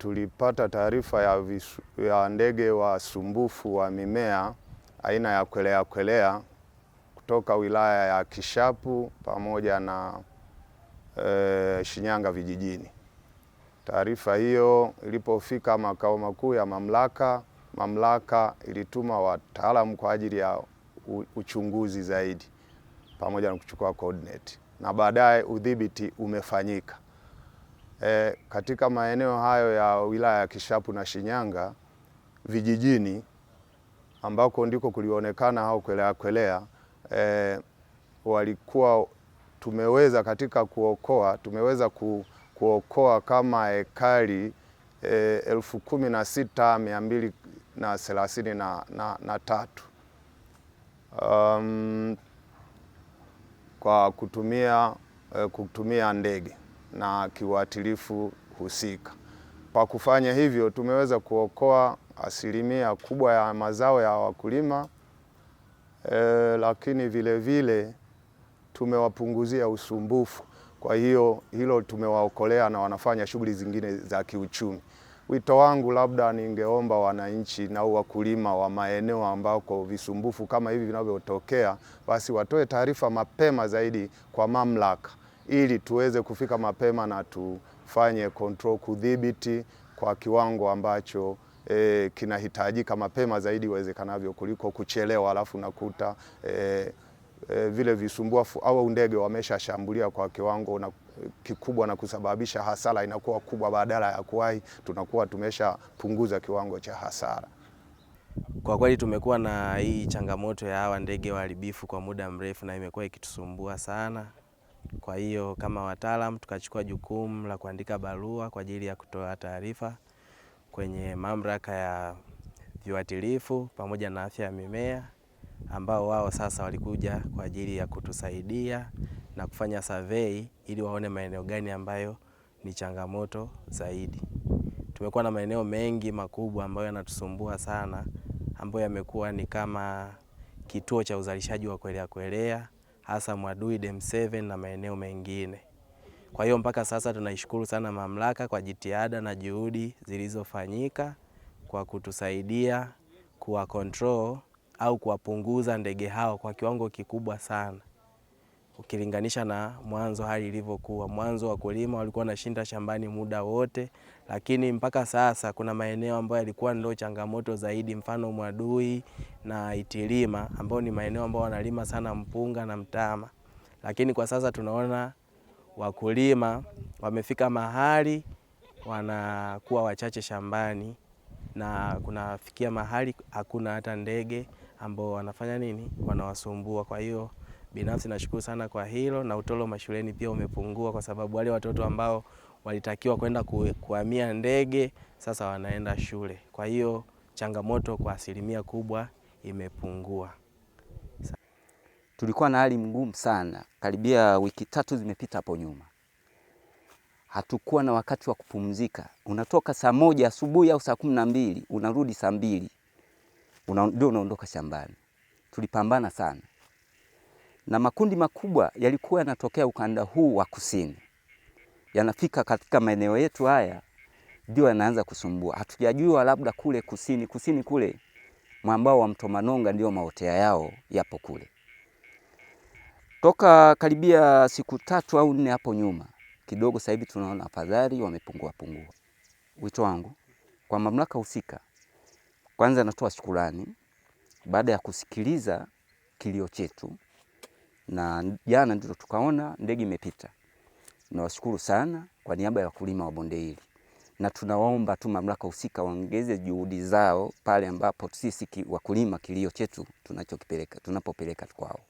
tulipata taarifa ya, ya ndege wasumbufu wa mimea aina ya kwelea kwelea kutoka wilaya ya Kishapu pamoja na e, Shinyanga vijijini. Taarifa hiyo ilipofika makao makuu ya mamlaka, mamlaka ilituma wataalamu kwa ajili ya uchunguzi zaidi pamoja na kuchukua coordinate na baadaye udhibiti umefanyika e, katika maeneo hayo ya wilaya ya Kishapu na Shinyanga vijijini ambako ndiko kulionekana hao kwelea kwelea e, walikuwa tumeweza katika kuokoa tumeweza ku, kuokoa kama hekari e, elfu kumi na sita mia mbili na thelathini na, na, na tatu um, kwa kutumia, kutumia ndege na kiuatilifu husika. Kwa kufanya hivyo, tumeweza kuokoa asilimia kubwa ya mazao ya wakulima e, lakini vilevile vile, tumewapunguzia usumbufu. Kwa hiyo hilo tumewaokolea na wanafanya shughuli zingine za kiuchumi. Wito wangu labda ningeomba wananchi na wakulima wa maeneo ambako visumbufu kama hivi vinavyotokea, basi watoe taarifa mapema zaidi kwa mamlaka ili tuweze kufika mapema na tufanye control, kudhibiti kwa kiwango ambacho e, kinahitajika mapema zaidi iwezekanavyo kuliko kuchelewa, alafu nakuta e, eh, e, eh, vile visumbua au ndege wameshashambulia kwa kiwango na kikubwa na kusababisha hasara inakuwa kubwa, badala ya kuwahi tunakuwa tumeshapunguza kiwango cha hasara. Kwa kweli tumekuwa na hii changamoto ya hawa ndege waharibifu kwa muda mrefu, na imekuwa ikitusumbua sana. Kwa hiyo kama wataalam tukachukua jukumu la kuandika barua kwa ajili ya kutoa taarifa kwenye mamlaka ya viuatilifu pamoja na afya ya mimea, ambao wao sasa walikuja kwa ajili ya kutusaidia na kufanya survey ili waone maeneo gani ambayo ni changamoto zaidi. Tumekuwa na maeneo mengi makubwa ambayo yanatusumbua sana, ambayo yamekuwa ni kama kituo cha uzalishaji wa kwelea kwelea hasa Mwadui dem 7 na maeneo mengine. Kwa hiyo mpaka sasa tunaishukuru sana mamlaka kwa jitihada na juhudi zilizofanyika kwa kutusaidia kuwa control au kuwapunguza ndege hao kwa kiwango kikubwa sana ukilinganisha na mwanzo hali ilivyokuwa. Mwanzo wakulima walikuwa wanashinda shambani muda wote, lakini mpaka sasa kuna maeneo ambayo yalikuwa ndio changamoto zaidi, mfano Mwadui na Itilima ambao ni maeneo ambayo wanalima sana mpunga na mtama, lakini kwa sasa tunaona wakulima wamefika mahali wanakuwa wachache shambani na kunafikia mahali hakuna hata ndege ambao wanafanya nini, wanawasumbua. Kwa hiyo Binafsi nashukuru sana kwa hilo, na utoro mashuleni pia umepungua, kwa sababu wale watoto ambao walitakiwa kwenda kuhamia ndege sasa wanaenda shule. Kwa hiyo changamoto kwa asilimia kubwa imepungua. Tulikuwa na hali ngumu sana, karibia wiki tatu zimepita hapo nyuma, hatukuwa na wakati wa kupumzika. Unatoka saa moja asubuhi au saa kumi na mbili unarudi saa mbili ndio unaondoka shambani. Tulipambana sana na makundi makubwa yalikuwa yanatokea ukanda huu wa kusini, yanafika katika maeneo yetu haya, ndio yanaanza kusumbua. Hatujajua labda kule kusini kusini kule mwambao wa mto Manonga ndio maotea yao yapo kule. Toka karibia siku tatu au nne hapo nyuma kidogo, sasa hivi tunaona afadhali wamepungua pungua. Wito wangu kwa mamlaka husika, kwanza natoa shukurani baada ya kusikiliza kilio chetu na jana ndio tukaona ndege imepita. nawashukuru sana kwa niaba ya wakulima wa bonde hili, na tunawaomba tu mamlaka husika waongeze juhudi zao pale ambapo sisi wakulima kilio chetu tunachokipeleka tunapopeleka kwao.